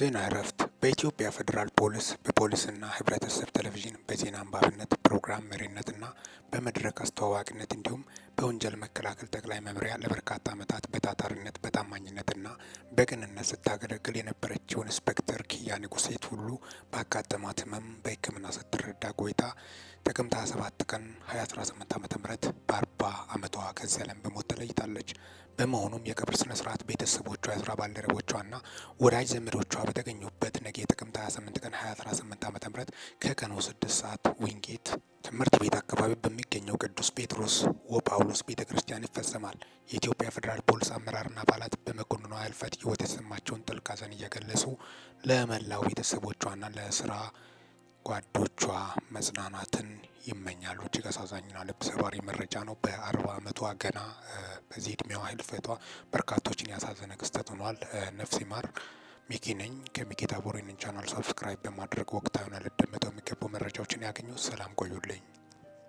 ዜና እረፍት በኢትዮጵያ ፌዴራል ፖሊስ በፖሊስና ህብረተሰብ ቴሌቪዥን በዜና አንባብነት ፕሮግራም መሪነትና በመድረክ አስተዋዋቂነት እንዲሁም በወንጀል መከላከል ጠቅላይ መምሪያ ለበርካታ ዓመታት በታታሪነት በቅንነትና በቅንነት ስታገለግል የነበረችውን ኢንስፔክተር ኪያ ንጉሴት ሁሉ በአጋጠማት ህመም በሕክምና ስትረዳ ቆይታ ጥቅምት 27 ቀን 2018 ዓ ም በ40 ዓመቷ ከዚህ ዓለም በሞት ተለይታለች። በመሆኑም የቀብር ስነ ስርዓት ቤተሰቦቿ፣ የስራ ባልደረቦቿና ወዳጅ ዘመዶቿ በተገኙበት 28 ቀን 2018 ዓ ም ከቀኑ 6 ሰዓት ዊንጌት ትምህርት ቤት አካባቢ በሚገኘው ቅዱስ ጴጥሮስ ወጳውሎስ ቤተ ክርስቲያን ይፈጸማል። የኢትዮጵያ ፌዴራል ፖሊስ አመራርና አባላት በመኮንኗ ህልፈት ህይወት የተሰማቸውን ጥልቅ ሐዘን እየገለጹ ለመላው ቤተሰቦቿና ለስራ ጓዶቿ መጽናናትን ይመኛሉ። እጅግ አሳዛኝና ልብ ሰባሪ መረጃ ነው። በአርባ አመቷ ገና በዚህ እድሜዋ ህልፈቷ በርካቶችን ያሳዘነ ክስተት ሆኗል። ነፍስ ይማር። ሚኪ ነኝ ከሚኪ ታቦሬንን ቻናል ሰብስክራይብ በማድረግ ወቅታዊና ልደመጠው የሚገቡ መረጃዎችን ያገኙ። ሰላም ቆዩልኝ።